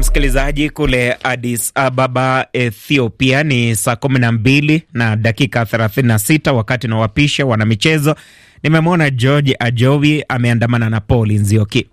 Msikilizaji kule Addis Ababa, Ethiopia ni saa kumi na mbili na dakika thelathini na sita wakati na wapisha wanamichezo, nimemwona George Ajowi ameandamana na Paul Nzioki.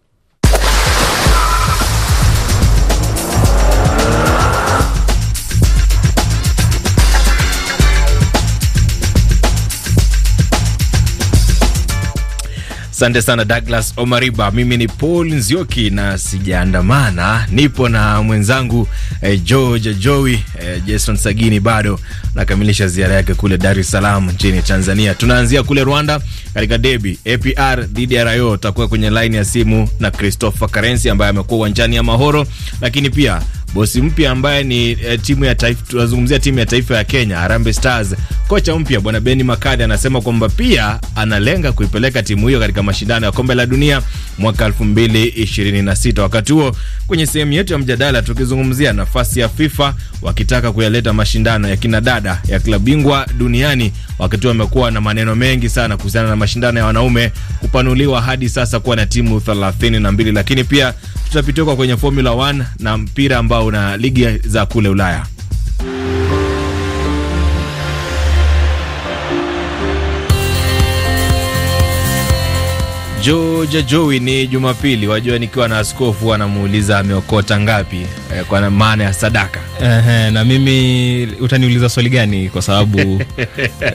Asante sana Douglas Omariba. Mimi ni Paul Nzioki na sijaandamana, nipo na mwenzangu eh, George Joey eh, Jason Sagini bado nakamilisha ziara yake kule Dar es Salaam nchini Tanzania. Tunaanzia kule Rwanda katika debi APR dhidi ya Rayo. takuwa kwenye laini ya simu na Christopher Karensi ambaye amekuwa uwanjani ya Mahoro, lakini pia bosi mpya ambaye ni eh, timu ya taifa, tunazungumzia timu ya taifa ya Kenya Harambee Stars Kocha mpya bwana Beni Makadi anasema kwamba pia analenga kuipeleka timu hiyo katika mashindano ya kombe la dunia mwaka 2026. Wakati huo kwenye sehemu yetu ya mjadala tukizungumzia nafasi ya FIFA wakitaka kuyaleta mashindano ya kinadada ya klabu bingwa duniani, wakati wamekuwa na maneno mengi sana kuhusiana na mashindano ya wanaume kupanuliwa hadi sasa kuwa na timu 32, lakini pia tutapitia kwenye Formula 1 na mpira ambao una ligi za kule Ulaya. George Joey ni Jumapili, wajua nikiwa na askofu anamuuliza ameokota ngapi eh, kwa maana ya sadaka. Ehe, na mimi utaniuliza swali gani kwa sababu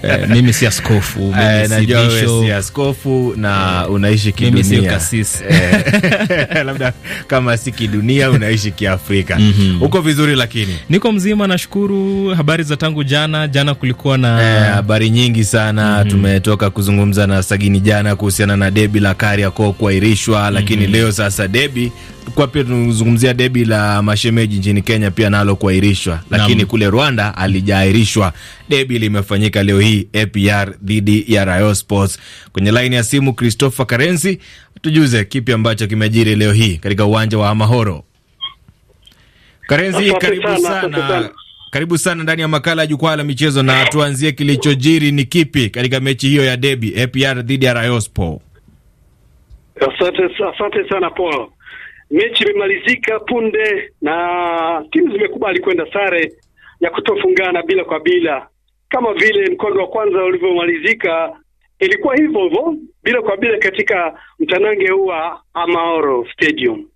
eh, mimi si askofu, eh, mimi si si askofu na eh, unaishi kidunia. si Labda kama si kidunia unaishi kiafrika. Mm -hmm. Uko vizuri lakini? Niko mzima nashukuru. Habari za tangu jana, jana kulikuwa na habari nyingi sana. Mm -hmm. Tumetoka kuzungumza na Sagini jana kuhusiana na debi la Kariakoo kuahirishwa, mhm. lakini mm -hmm. leo sasa debi kwa pia tunazungumzia debi la mashemeji nchini Kenya pia nalo kuahirishwa, lakini Nam. kule Rwanda alijaahirishwa. Debi limefanyika leo hii APR dhidi ya Rayo Sports. Kwenye laini ya simu Christopher Karenzi, tujuze kipi ambacho kimejiri leo hii katika uwanja wa Amahoro. Karenzi, karibu sana, sana. Karibu sana ndani ya makala ya jukwaa la michezo, na tuanzie kilichojiri ni kipi katika mechi hiyo ya debi APR dhidi ya Rayon Sports? Asante, asante sana Paul. Mechi imemalizika punde na timu zimekubali kwenda sare ya kutofungana bila kwa bila, kama vile mkondo wa kwanza ulivyomalizika ilikuwa hivyo hivyo bila kwa bila katika mtanange huu wa Amaoro Stadium.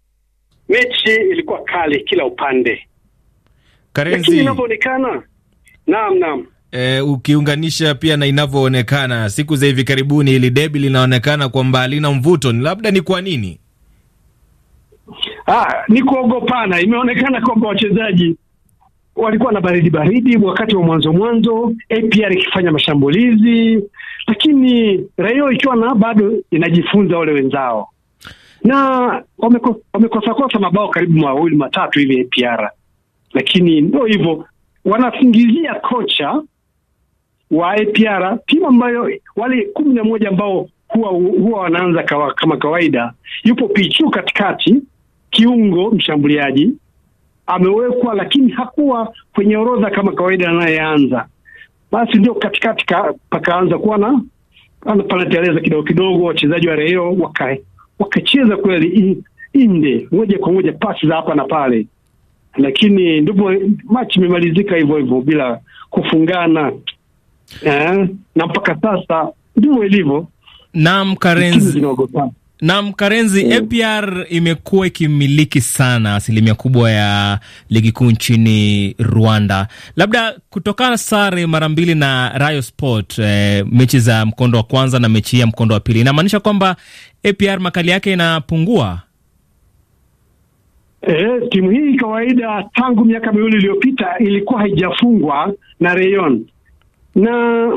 Mechi ilikuwa kali kila upande, lakini inavyoonekana, naam naam e, ukiunganisha pia na inavyoonekana siku za hivi karibuni, hili debi linaonekana kwamba halina mvuto. Labda ni kwa nini? Ah, ni kuogopana. Imeonekana kwamba wachezaji walikuwa na baridi baridi wakati wa mwanzo mwanzo, APR ikifanya mashambulizi, lakini Raio ikiwa na bado inajifunza wale wenzao, na wamekosa kosa mabao karibu mawili matatu hivi APR, lakini ndio hivyo, wanasingizia kocha wa APR, timu ambayo wale kumi na moja ambao huwa, huwa wanaanza kawa, kama kawaida, yupo Pichu katikati, kiungo mshambuliaji amewekwa, lakini hakuwa kwenye orodha kama kawaida anayeanza, basi ndio katikati pakaanza kuwa na panateleza kidogo kidogo, wachezaji wa Raio waka, wakacheza kweli inde moja kwa moja, pasi za hapa na pale, lakini ndipo machi imemalizika hivyo hivyo bila kufungana. Eh, na mpaka sasa ndivyo ilivyo. Naam, Karenzi. Naam, Karenzi, mm. Eh. APR imekuwa ikimiliki sana asilimia kubwa ya ligi kuu nchini Rwanda, labda kutokana sare mara mbili na Rayo Sport eh, mechi za mkondo wa kwanza na mechi ya mkondo wa pili, inamaanisha kwamba APR makali yake inapungua. E, timu hii kawaida tangu miaka miwili iliyopita ilikuwa haijafungwa na Rayon na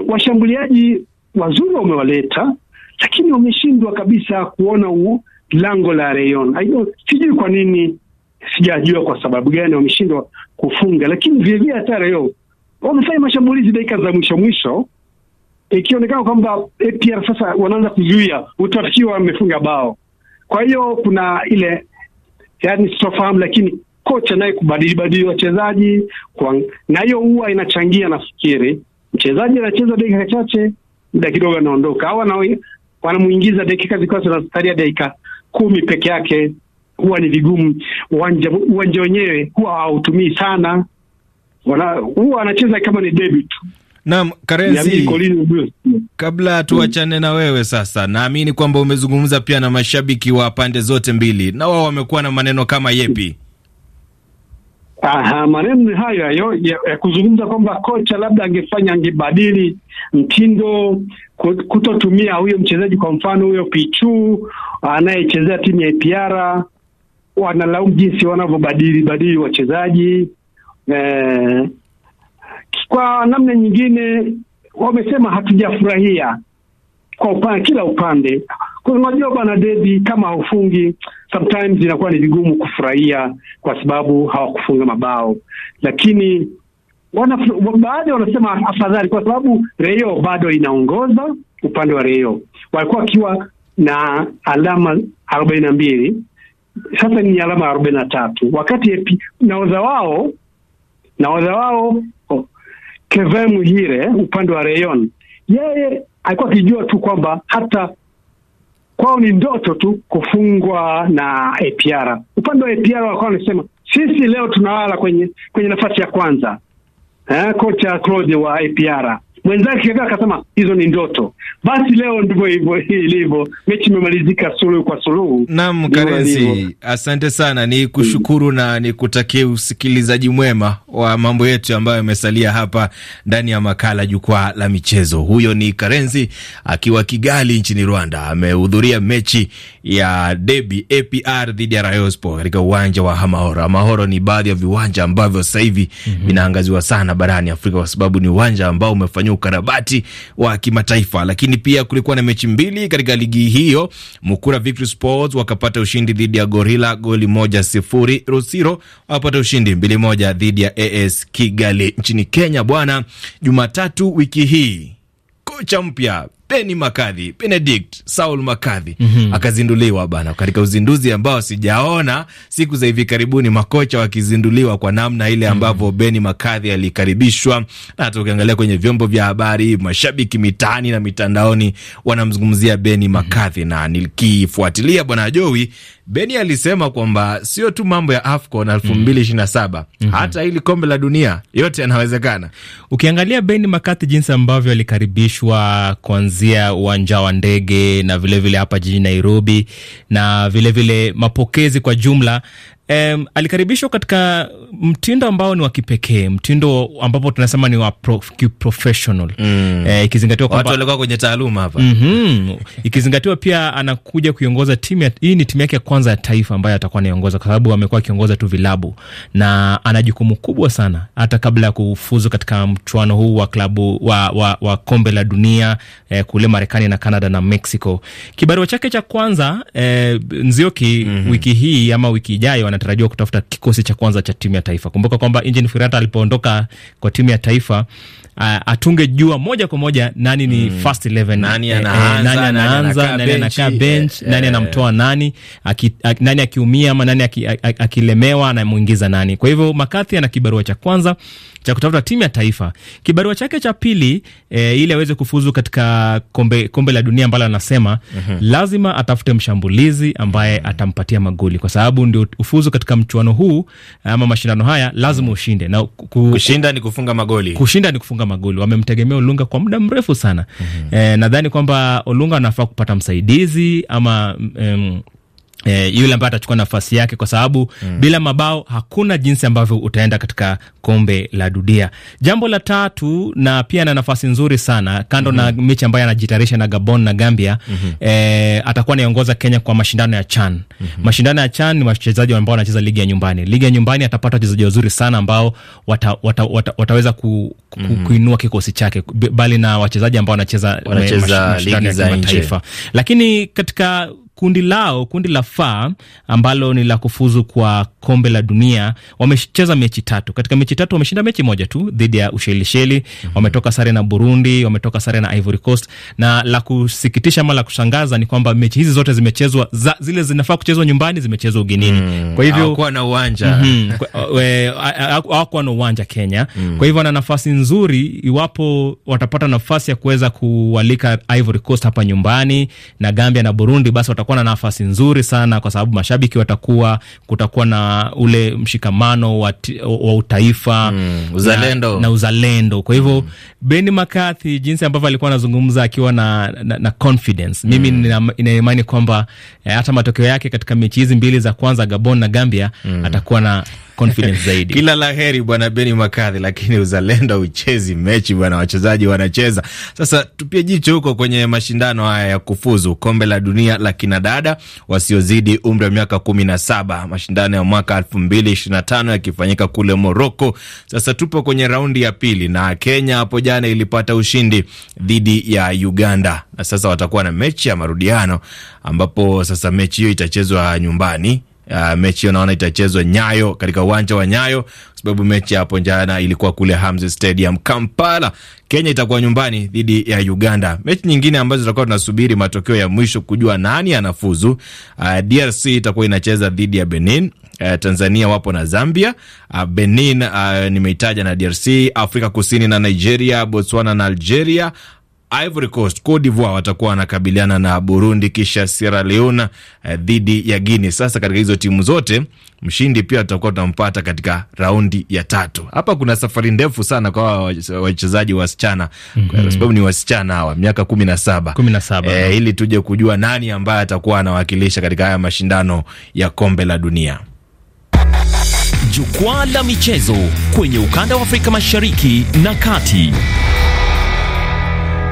washambuliaji wazuri wamewaleta, lakini wameshindwa kabisa kuona u, lango la Rayon. Sijui kwa nini, sijajua kwa sababu gani wameshindwa kufunga, lakini vilevile hata Rayon wamefanya mashambulizi dakika za mwisho mwisho, ikionekana e, kwamba APR eh, sasa wanaanza kuzuia, utafikiwa wamefunga bao. Kwa hiyo kuna ile yani, sitofahamu, lakini kocha naye kubadilibadili wachezaji na hiyo huwa inachangia nafikiri Mchezaji anacheza dakika chache, muda kidogo anaondoka, au wanamuingiza dakika zikawa zinasalia dakika kumi peke yake, huwa ni vigumu. Uwanja uwanja wenyewe huwa hautumii sana, huwa anacheza kama ni debi tu. Naam, Karenzi, kabla tuachane na wewe sasa, naamini kwamba umezungumza pia na mashabiki wa pande zote mbili, na wao wamekuwa na maneno kama yepi? Aha, ah, maneno hayo hayo ya, ya kuzungumza kwamba kocha labda angefanya angebadili mtindo, kutotumia huyo mchezaji, kwa mfano huyo Pichu anayechezea timu ya APR, wanalaumu jinsi wanavyobadili badili wachezaji eh, kwa namna nyingine wamesema hatujafurahia kwa upande kila upande. Unajua bana debi kama haufungi sometimes inakuwa ni vigumu kufurahia kwa sababu hawakufunga mabao, lakini baadhi wanasema afadhali kwa sababu reo bado inaongoza upande wa reo walikuwa wakiwa na alama arobaini na mbili sasa ni alama arobaini na tatu wakati epi, naoza wao naoza wao oh, kevemu Muhire upande wa reon yeye alikuwa akijua tu kwamba hata kwao ni ndoto tu kufungwa na APR. Upande wa APR walikuwa wanasema sisi leo tunalala kwenye kwenye nafasi ya kwanza eh, kocha Claude wa APR mwenzake kadhaa akasema hizo ni ndoto. Basi leo ndivyo hivyo ilivyo, mechi imemalizika suluhu kwa suluhu. Naam, Karenzi, asante sana, ni kushukuru mm, na nikutakie usikilizaji mwema wa mambo yetu ambayo yamesalia hapa ndani ya makala Jukwaa la Michezo. Huyo ni Karenzi akiwa Kigali nchini Rwanda, amehudhuria mechi ya debi APR dhidi ya Rayospo katika uwanja wa Amahoro. Amahoro ni baadhi ya viwanja ambavyo sasa hivi mhm. vinaangaziwa mm -hmm. sana barani Afrika kwa sababu ni uwanja ambao umefanywa ukarabati wa kimataifa. Lakini pia kulikuwa na mechi mbili katika ligi hiyo. Mukura Victory Sports wakapata ushindi dhidi ya Gorila goli moja sifuri. Rusiro wakapata ushindi mbili moja dhidi ya AS Kigali. Nchini Kenya bwana, Jumatatu wiki hii kocha mpya Penny Makadhi, Benedict Saul Makadhi mm -hmm. akazinduliwa bana, katika uzinduzi ambao sijaona siku za hivi karibuni makocha wakizinduliwa kwa namna ile mhm. ambavyo mm -hmm. Benny Makadhi alikaribishwa, na hata ukiangalia kwenye vyombo vya habari, mashabiki mitaani na mitandaoni wanamzungumzia Benny mhm. Makadhi mm -hmm. na nikifuatilia bwana Jowi, Beni alisema kwamba sio tu mambo ya AFCON elfu mbili ishirini na saba mm -hmm. hata hili kombe la dunia yote yanawezekana. Ukiangalia Beni Makathi jinsi ambavyo alikaribishwa kwanza kuanzia uwanja wa ndege na vilevile vile hapa jijini Nairobi na vilevile vile mapokezi kwa jumla Um, alikaribishwa katika mtindo ambao ni wa kipekee, mtindo ambapo tunasema ni wa pro, professional mm. E, ikizingatiwa kwamba watu walikuwa kwenye taaluma hapa mm -hmm. Ikizingatiwa pia anakuja kuiongoza timu hii ni timu yake ya kwanza ya taifa ambayo atakuwa anaiongoza, kwa sababu amekuwa akiongoza tu vilabu na ana jukumu kubwa sana, hata kabla ya kufuzu katika mchuano huu wa klabu wa, wa, wa kombe la dunia eh, kule Marekani na Canada na Mexico. Kibarua chake cha kwanza eh, Nzioki mm -hmm. wiki hii ama wiki ijayo anatarajiwa kutafuta kikosi cha kwanza cha timu ya taifa. Kumbuka kwamba Engin firata alipoondoka kwa timu ya taifa uh, atungejua moja kwa moja nani ni mm, first 11 eh, eh, nani anaanza, nani anakaa bench, eh, nani anamtoa nani, nani akiumia ama nani akilemewa, anamuingiza nani. Kwa hivyo McCarthy ana kibarua cha kwanza cha kutafuta timu ya taifa. Kibarua chake cha pili e, ili aweze kufuzu katika kombe, kombe la dunia ambalo anasema mm -hmm. lazima atafute mshambulizi ambaye atampatia magoli, kwa sababu ndio ufuzu katika mchuano huu ama mashindano haya, lazima ushinde na ku, kushinda ni kufunga magoli. Kushinda ni kufunga magoli. Wamemtegemea Olunga kwa muda mrefu sana mm -hmm. E, nadhani kwamba Olunga anafaa kupata msaidizi ama mm, eh, yule ambaye atachukua nafasi yake kwa sababu mm, bila mabao hakuna jinsi ambavyo utaenda katika kombe la dunia. Jambo la tatu, na pia na nafasi nzuri sana kando mm -hmm, na mhm. mechi ambayo anajitayarisha na Gabon na Gambia mm -hmm, eh, atakuwa anaongoza Kenya kwa mashindano ya CHAN mm -hmm. Mashindano ya CHAN ni wachezaji ambao wanacheza ligi ya nyumbani. Ligi ya nyumbani atapata wachezaji wazuri sana ambao wata, wata, wata, wataweza ku, ku, mm -hmm, kuinua kikosi chake, bali na wachezaji ambao wanacheza eh, ligi za kimataifa, lakini katika kundi lao, kundi la Fa ambalo ni la kufuzu kwa kombe la dunia, wamecheza mechi tatu. Katika mechi tatu wameshinda mechi moja tu dhidi ya Ushelisheli. mm -hmm. Wametoka sare na Burundi, wametoka sare na Ivory Coast, na la kusikitisha ama la kushangaza ni kwamba mechi hizi zote zimechezwa za, zile zinafaa kuchezwa nyumbani zimechezwa ugenini. mm, -hmm. kwa hivyo hawakuwa na uwanja mm -hmm, hawakuwa na uwanja Kenya. mm. -hmm. Kwa hivyo wana nafasi nzuri iwapo watapata nafasi ya kuweza kualika Ivory Coast hapa nyumbani na Gambia na Burundi, basi watakuwa kutakuwa na nafasi nzuri sana, kwa sababu mashabiki watakuwa, kutakuwa na ule mshikamano wa, wa utaifa mm, uzalendo. Na, na uzalendo. Kwa hivyo mm. Benni McCarthy jinsi ambavyo alikuwa anazungumza akiwa na, na, na confidence mm. Mimi nina imani kwamba eh, hata matokeo yake katika mechi hizi mbili za kwanza Gabon na Gambia mm. atakuwa na confidence zaidi. Kila la heri bwana Beni Makadhi, lakini uzalendo uchezi mechi bwana, wachezaji wanacheza. Sasa tupie jicho huko kwenye mashindano haya ya kufuzu kombe la dunia la kinadada wasiozidi umri wa miaka kumi na saba, mashindano ya mwaka elfu mbili ishirini na tano yakifanyika kule Moroko. Sasa tupo kwenye raundi ya pili na Kenya hapo jana ilipata ushindi dhidi ya Uganda na sasa watakuwa na mechi ya marudiano ambapo sasa mechi hiyo itachezwa nyumbani Uh, mechi hiyo naona itachezwa Nyayo, katika uwanja wa Nyayo kwa sababu mechi hapo jana ilikuwa kule Hamza Stadium Kampala. Kenya itakuwa nyumbani dhidi ya Uganda. Mechi nyingine ambazo tutakuwa tunasubiri matokeo ya mwisho kujua nani anafuzu, uh, ah, DRC itakuwa inacheza dhidi ya Benin. Uh, Tanzania wapo na Zambia. Uh, Benin uh, nimeitaja na DRC. Afrika Kusini na Nigeria, Botswana na Algeria Ivory Coast, Cote d'Ivoire watakuwa wanakabiliana na Burundi, kisha Sierra Leone eh, dhidi ya Guinea. Sasa katika hizo timu zote mshindi pia tutakuwa tunampata katika raundi ya tatu. Hapa kuna safari ndefu sana kwa wachezaji wasichana mm -hmm. kwa mhm. sababu ni wasichana hawa miaka kumi na saba kumi na saba e, eh, ili tuje kujua nani ambaye atakuwa anawakilisha katika haya mashindano ya kombe la dunia. Jukwaa la michezo kwenye ukanda wa Afrika mashariki na kati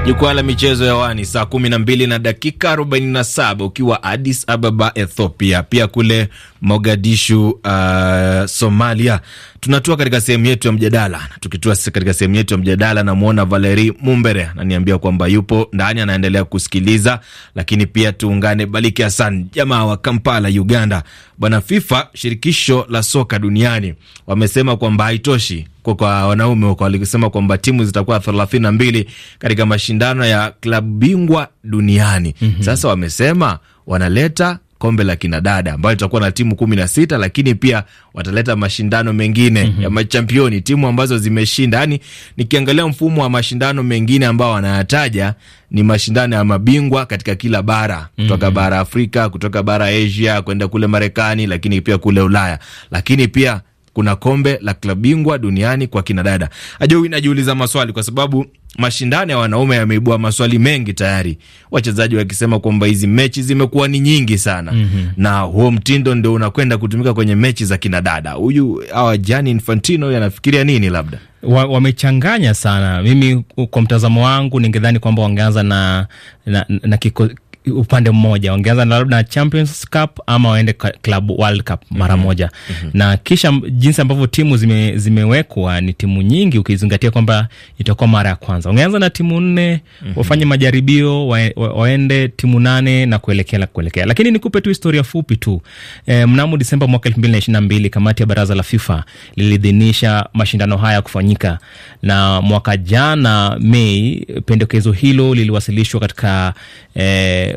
Jukwaa la michezo ya wani saa kumi na mbili na dakika saba ukiwa Addis Ababa, Ethiopia, pia kule Mogadishu, uh, Somalia. Tunatua katika sehemu yetu ya mjadala. Tukitua katika sehemu yetu ya mjadala, namwona Valeri Mumbere ananiambia kwamba yupo ndani anaendelea kusikiliza, lakini pia tuungane Baliki Hassan, jamaa wa Kampala, Uganda, Bwana FIFA, shirikisho la soka duniani, wamesema kwamba haitoshi kwa, kwa wanaume walisema kwamba timu zitakuwa thelathini na mbili katika mashindano ya klabu bingwa duniani. mm -hmm. Sasa wamesema wanaleta kombe la kinadada ambayo litakuwa na timu kumi na sita, lakini pia wataleta mashindano mengine mm -hmm. ya machampioni, timu ambazo zimeshinda. Yani nikiangalia mfumo wa mashindano mengine ambao wanayataja ni mashindano ya mabingwa katika kila bara mm -hmm. kutoka mhm. bara Afrika, kutoka bara Asia kwenda kule Marekani, lakini pia kule Ulaya, lakini pia kuna kombe la klabu bingwa duniani kwa kinadada. Ajo, inajiuliza maswali kwa sababu mashindano ya wanaume yameibua maswali mengi tayari, wachezaji wakisema kwamba hizi mechi zimekuwa ni nyingi sana mm -hmm. na huo mtindo ndio unakwenda kutumika kwenye mechi za kinadada. Huyu awa Gianni Infantino yanafikiria nini? Labda wamechanganya wa sana. Mimi kwa mtazamo wangu ningedhani kwamba wangeanza na, na, na, na kiko, upande mmoja, wangeanza na labda Champions Cup ama waende Club World Cup mara mhm. moja. mm -hmm. Na kisha jinsi ambavyo timu zime, zimewekwa ni timu nyingi, ukizingatia kwamba itakuwa mara ya kwanza, wangeanza na timu nne mm -hmm. wafanye majaribio wa, wa, waende timu nane na kuelekea na kuelekea. Lakini nikupe tu historia fupi tu e, mnamo Disemba mwaka elfu mbili na ishirini na mbili kamati ya baraza la FIFA liliidhinisha mashindano haya kufanyika, na mwaka jana Mei pendekezo hilo liliwasilishwa katika e,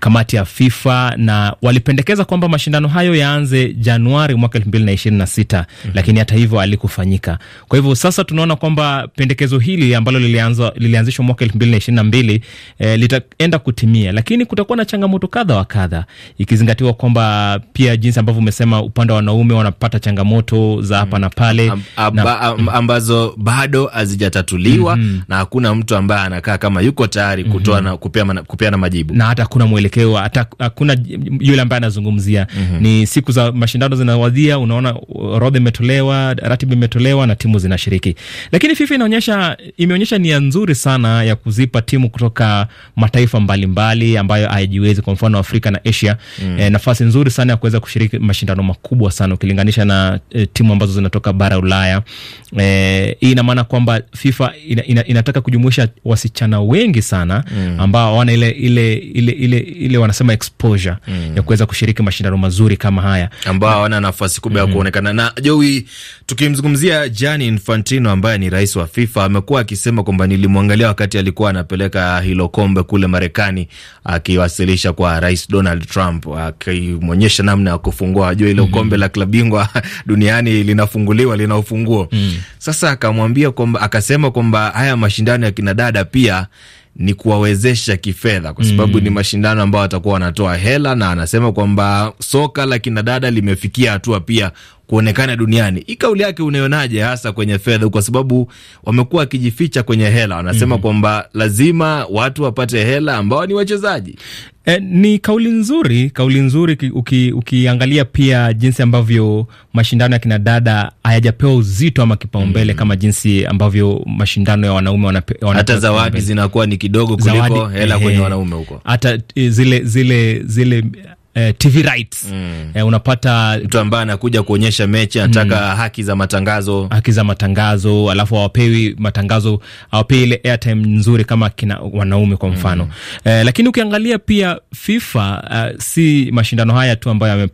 kamati ya FIFA na walipendekeza kwamba mashindano hayo yaanze Januari mwaka elfu mbili na ishirini na sita mm -hmm. Lakini hata hivyo alikufanyika. Kwa hivyo sasa tunaona kwamba pendekezo hili ambalo lilianzishwa mwaka elfu mbili na ishirini na mbili eh, litaenda kutimia, lakini kutakuwa na changamoto kadha wa kadha, ikizingatiwa kwamba pia jinsi ambavyo umesema, upande wa wanaume wanapata changamoto za hapa mhm. na pale Am, amba, amba, mm. ambazo bado hazijatatuliwa mm -hmm. na hakuna mtu ambaye anakaa kama yuko tayari kutoa mm -hmm. na kupeana majibu na hata kuna mwele mwelekeo, hata hakuna yule ambaye anazungumzia. mm -hmm. Ni siku za mashindano zinawadia, unaona orodha imetolewa, ratiba imetolewa na timu zinashiriki, lakini FIFA inaonyesha imeonyesha nia nzuri sana ya kuzipa timu kutoka mataifa mbalimbali mbali, ambayo haijiwezi kwa mfano Afrika na Asia mm. -hmm. E, nafasi nzuri sana ya kuweza kushiriki mashindano makubwa sana ukilinganisha na e, timu ambazo zinatoka bara Ulaya. E, hii ina maana kwamba FIFA ina, ina, inataka kujumuisha wasichana wengi sana mm. ambao hawana ile ile ile ile ile wanasema exposure mm. ya kuweza kushiriki mashindano mazuri kama haya ambao hawana nafasi kubwa ya mm. kuonekana. Na Joey, tukimzungumzia Gianni Infantino ambaye ni rais wa FIFA, amekuwa akisema kwamba nilimwangalia wakati alikuwa anapeleka hilo kombe kule Marekani, akiwasilisha kwa Rais Donald Trump, akimwonyesha namna ya kufungua. Ajua hilo mm. kombe la klabu bingwa duniani linafunguliwa, lina ufunguo mm. Sasa akamwambia kwamba, akasema kwamba haya mashindano ya kinadada pia ni kuwawezesha kifedha, kwa mm. sababu mm, ni mashindano ambayo watakuwa wanatoa hela, na anasema kwamba soka la kinadada limefikia hatua pia kuonekana duniani. Hii kauli yake unayonaje hasa kwenye fedha, kwa sababu wamekuwa wakijificha kwenye hela, wanasema mm -hmm. kwamba lazima watu wapate hela ambao ni wachezaji. E, ni kauli nzuri, kauli nzuri uki, ukiangalia pia jinsi ambavyo mashindano ya kinadada hayajapewa uzito ama kipaumbele mm, kama jinsi ambavyo mashindano ya wanaume wanape, hata zawadi zinakuwa ni kidogo kuliko hela kwenye wanaume huko, hata eh, zile zile zile Eh, TV rights mm. E, unapata mtu ambaye anakuja kuonyesha mechi anataka mm. haki za matangazo, haki za matangazo, alafu hawapewi matangazo, hawapewi ile airtime nzuri kama kina wanaume kwa mfano mm. E, lakini ukiangalia pia FIFA uh, si mashindano haya tu ambayo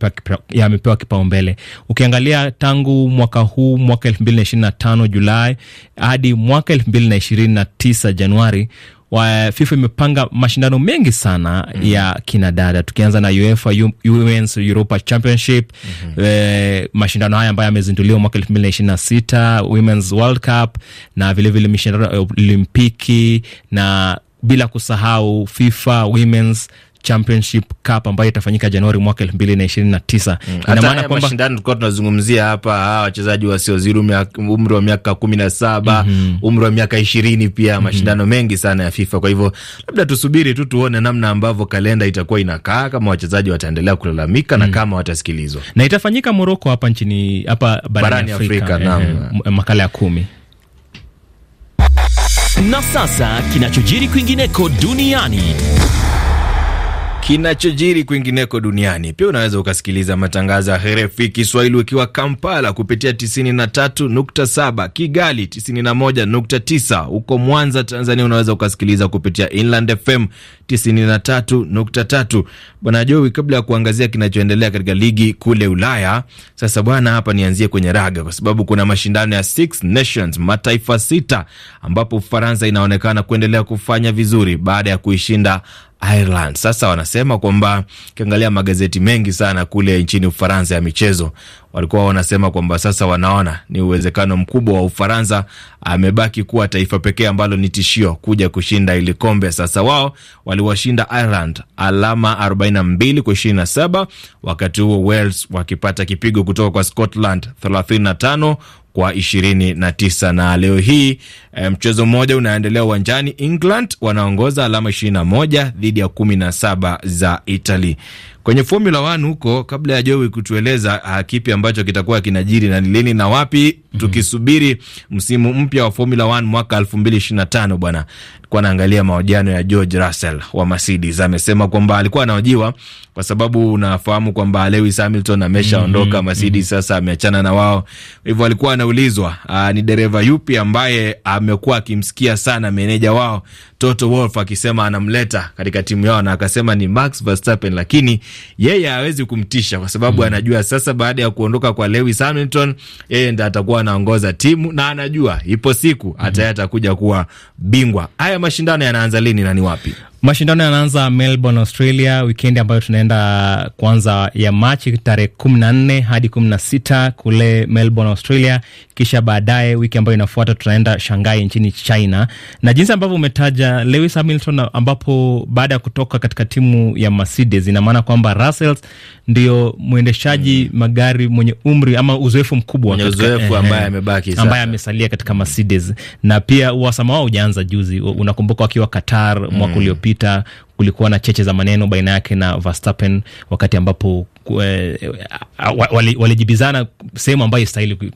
yamepewa kipaumbele. Ukiangalia tangu mwaka huu mwaka elfu mbili na ishirini na tano Julai hadi mwaka elfu mbili na ishirini na tisa Januari wa FIFA imepanga mashindano mengi sana mm -hmm. ya kinadada tukianza na UEFA Women's Europa Championship mm -hmm. e, mashindano haya ambayo yamezinduliwa mwaka elfu mbili na ishirini na sita Women's World Cup na vilevile mashindano ya Olimpiki na bila kusahau FIFA Women's Championship Cup ambayo itafanyika Januari mwaka elfu mbili na ishirini na tisa. Mm. Ina maana kwamba mashindano tulikuwa tunazungumzia hapa, hawa wachezaji wasiozidi umri wa miaka kumi na saba mhm. umri wa miaka ishirini pia mhm. mashindano mengi sana ya FIFA. Kwa hivyo labda tusubiri tu tuone namna ambavyo kalenda itakuwa inakaa, kama wachezaji wataendelea kulalamika na mm. kama watasikilizwa. Na itafanyika Moroko hapa nchini hapa barani Afrika, eh, eh, makala ya kumi na sasa kinachojiri kwingineko duniani kinachojiri kwingineko duniani. Pia unaweza ukasikiliza matangazo ya RFI Kiswahili ukiwa Kampala kupitia 93.7, Kigali 91.9, huko Mwanza Tanzania unaweza ukasikiliza kupitia Inland FM 93.3. Bwana Jowi, kabla ya kuangazia kinachoendelea katika ligi kule Ulaya, sasa bwana, hapa nianzie kwenye raga kwa sababu kuna mashindano ya Six Nations, mataifa sita, ambapo Ufaransa inaonekana kuendelea kufanya vizuri baada ya kuishinda Ireland. Sasa wanasema kwamba ukiangalia magazeti mengi sana kule nchini Ufaransa ya michezo walikuwa wanasema kwamba sasa wanaona ni uwezekano mkubwa wa Ufaransa amebaki kuwa taifa pekee ambalo ni tishio kuja kushinda ili kombe. Sasa wao waliwashinda Ireland alama 42 kwa 27, wakati huo Wales wakipata kipigo kutoka kwa Scotland 35 kwa 29 na leo hii eh, mchezo um, mmoja unaendelea uwanjani. England wanaongoza alama 21 dhidi ya 17 za Italy. Kwenye Formula 1 huko, kabla ya Joey kutueleza ah, kipi ambacho kitakuwa kinajiri na ni lini na wapi, mm -hmm. tukisubiri msimu mpya wa Formula 1 mwaka 2025 bwana alikuwa anaangalia mahojiano ya George Russell wa Mercedes, amesema kwamba alikuwa anaojiwa kwa sababu unafahamu kwamba Lewis Hamilton ameshaondoka mhm, mhm. Mercedes, sasa ameachana na wao. Hivyo alikuwa anaulizwa ah, ni dereva yupi ambaye amekuwa akimsikia sana meneja wao Toto Wolff akisema anamleta katika timu yao, na akasema ni Max Verstappen, lakini yeye hawezi kumtisha kwa sababu mm anajua sasa baada ya kuondoka kwa Lewis Hamilton yeye ndo atakuwa anaongoza timu na anajua ipo siku mhm. ataye atakuja kuwa bingwa. Haya haya mashindano yanaanza lini na ni wapi? Mashindano yanaanza Melbourne, Australia, wikendi ambayo tunaenda kwanza ya Machi tarehe kumi na nne hadi kumi na sita kule Melbourne, Australia. Kisha baadaye wiki ambayo inafuata tunaenda Shanghai nchini China, na jinsi ambavyo umetaja Lewis Hamilton, ambapo baada ya kutoka katika timu ya Mercedes, ina maana kwamba Russell ndio mwendeshaji mm. magari mwenye umri ama uzoefu mkubwa ambaye amebaki sasa, ambaye amesalia katika Mercedes, na pia uhasama wao ujaanza juzi, unakumbuka wakiwa Qatar mwaka mm. uliopita uliopita kulikuwa na cheche za maneno baina yake na Verstappen wakati ambapo walijibizana sehemu ambayo istahili mm,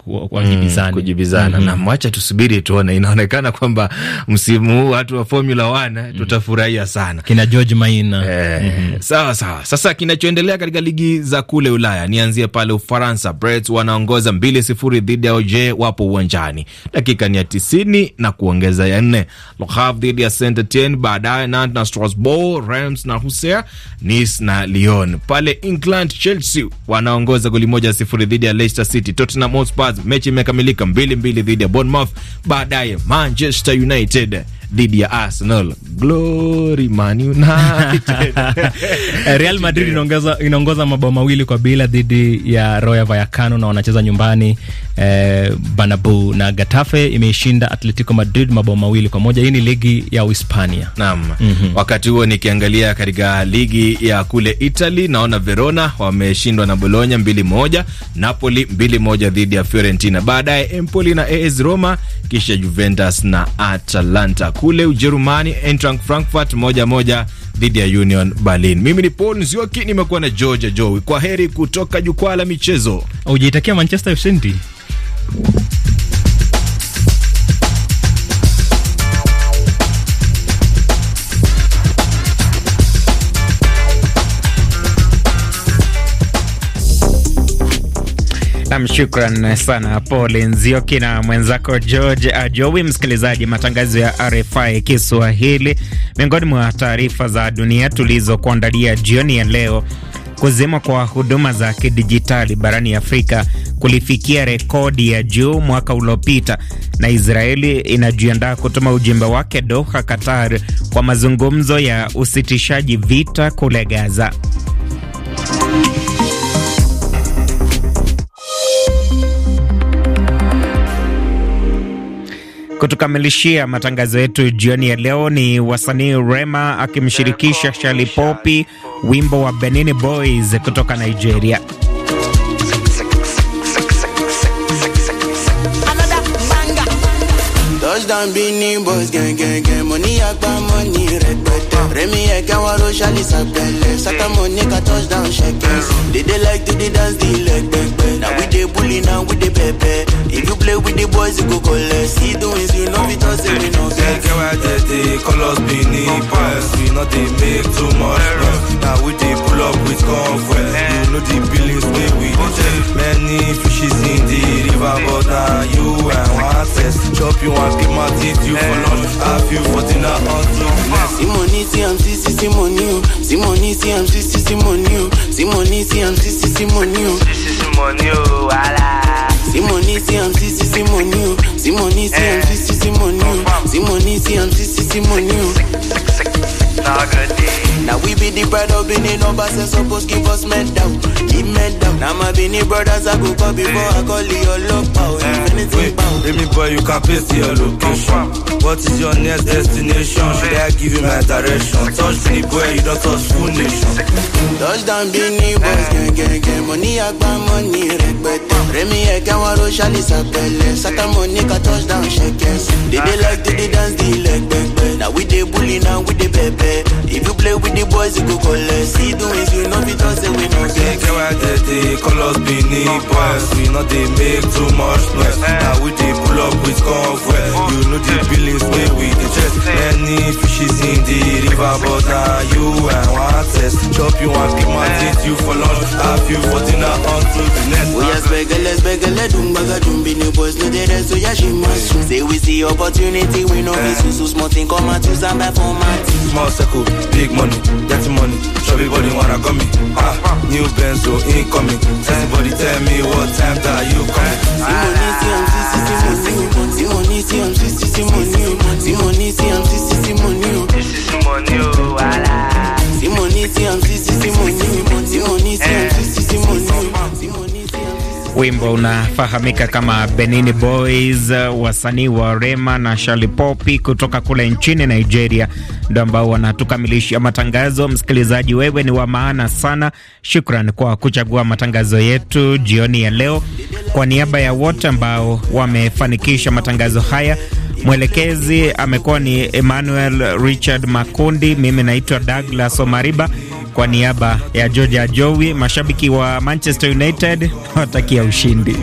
kujibizana. Mm-hmm. Na mwacha tusubiri tuone, inaonekana kwamba msimu huu watu wa Formula 1 eh, mm. tutafurahia sana kina George Maina. Eh, mm-hmm. Sawa sawa. Sasa kinachoendelea katika ligi za kule Ulaya, nianzie pale Ufaransa. Brest wanaongoza mbili sifuri dhidi ya Oje, wapo uwanjani, dakika ni ya tisini na kuongeza ya nne. Le Havre dhidi ya Saint Etienne, baadaye Nantes na Strasbourg, Reims na Husea, Nice na Lyon. Pale England Chelsea wanaongoza goli moja sifuri dhidi ya Leicester City. Tottenham Hotspur mechi imekamilika mbili mbili dhidi ya Bournemouth. Baadaye Manchester United dhidi ya Arsenal. Glory Man United. Eh, Real Madrid inaongoza inaongoza mabao mawili kwa bila dhidi ya Rayo Vallecano na wanacheza nyumbani eh, Bernabeu na Getafe imeishinda Atletico Madrid mabao mawili kwa moja. Hii ni ligi ya Uhispania. Naam. Mm -hmm. Wakati huo nikiangalia katika ligi ya kule Italy naona Verona wameshindwa na Bologna mbili moja, Napoli mbili moja dhidi ya Fiorentina. Baadaye Empoli na AS Roma kisha Juventus na Atalanta kule Ujerumani, Eintracht Frankfurt moja moja dhidi ya Union Berlin. Mimi ni Paul Nzioki, nimekuwa na Georgia Joe. Kwa heri kutoka jukwaa la michezo. Ujaitakia Manchester ushindi. Nam, shukran sana Paul Nzioki na mwenzako George Ajowi. Msikilizaji, matangazo ya RFI Kiswahili. Miongoni mwa taarifa za dunia tulizokuandalia jioni ya leo, kuzima kwa huduma za kidijitali barani Afrika kulifikia rekodi ya juu mwaka uliopita, na Israeli inajiandaa kutuma ujumbe wake Doha, Qatar, kwa mazungumzo ya usitishaji vita kule Gaza. Kutukamilishia matangazo yetu jioni ya leo ni wasanii Rema akimshirikisha Shali Popi wimbo wa Benin Boys kutoka Nigeria. Remy Ekawaro Shali Sapele Sata Monica touchdown shakers They they like to the dance the leg baby. Now we the bully now we the pepe If you play with the boys you go collect See doings you know we just say we no get can't wear the colors be need pass We not they make too much noise Now we the pull up with conference You know the feelings we we Many fishes in the river but now you chop you once, give my teeth you for lunch, for dinner or two. See money, see I'm see see see money, oh. see money, see I'm see see see money, oh. see money, see I'm see see see money, see oh. see see money, wala. See money, see I'm see see see money, see money, see I'm eh. money, see money, see I'm money. Now we be the pride of Bini, no bosses suppose give us men down, keep men down. Now my Bini brothers I go call before I call a love power, eh, if anything bound. Baby boy, you can paste your location. What is your next destination? Should I give you my direction? Touch Bini boy, you don't touch full nation. down, Bini boys, eh. gang gang gang, money I buy money, respect. Remy Eka Waro Shali Sapele, Saka money, shake, shakers. They they like to the dance, they like bang now we the bully now, we they many boys you go collect. See the ways you know, we just say why they dey call us Benin boys we know they make too much noise Now we dey pull up with convoy you know the feelings wey we dey chase many fishes in the river but I you i wan test chop you one keep my take you for lunch have you for dinner until the next. oya oh, spegele spegele dumbaga dumbini boys no dey rest oya ṣe mọ sùn. say we see opportunity we no be so small thing come out to am back for team. small circle big money dirty money sure everybody wanna come me. ah new benz go incoming. Everybody tell me what time that you come. Wimbo unafahamika kama Benini Boys, wasanii wa Rema na Shali Popi kutoka kule nchini Nigeria ndo ambao wanatukamilishia matangazo. Msikilizaji, wewe ni wa maana sana. Shukran kwa kuchagua matangazo yetu jioni ya leo. Kwa niaba ya wote ambao wamefanikisha matangazo haya Mwelekezi amekuwa ni Emmanuel Richard Makundi. Mimi naitwa Douglas Omariba, kwa niaba ya Georgia Jowi. Mashabiki wa Manchester United watakia ushindi.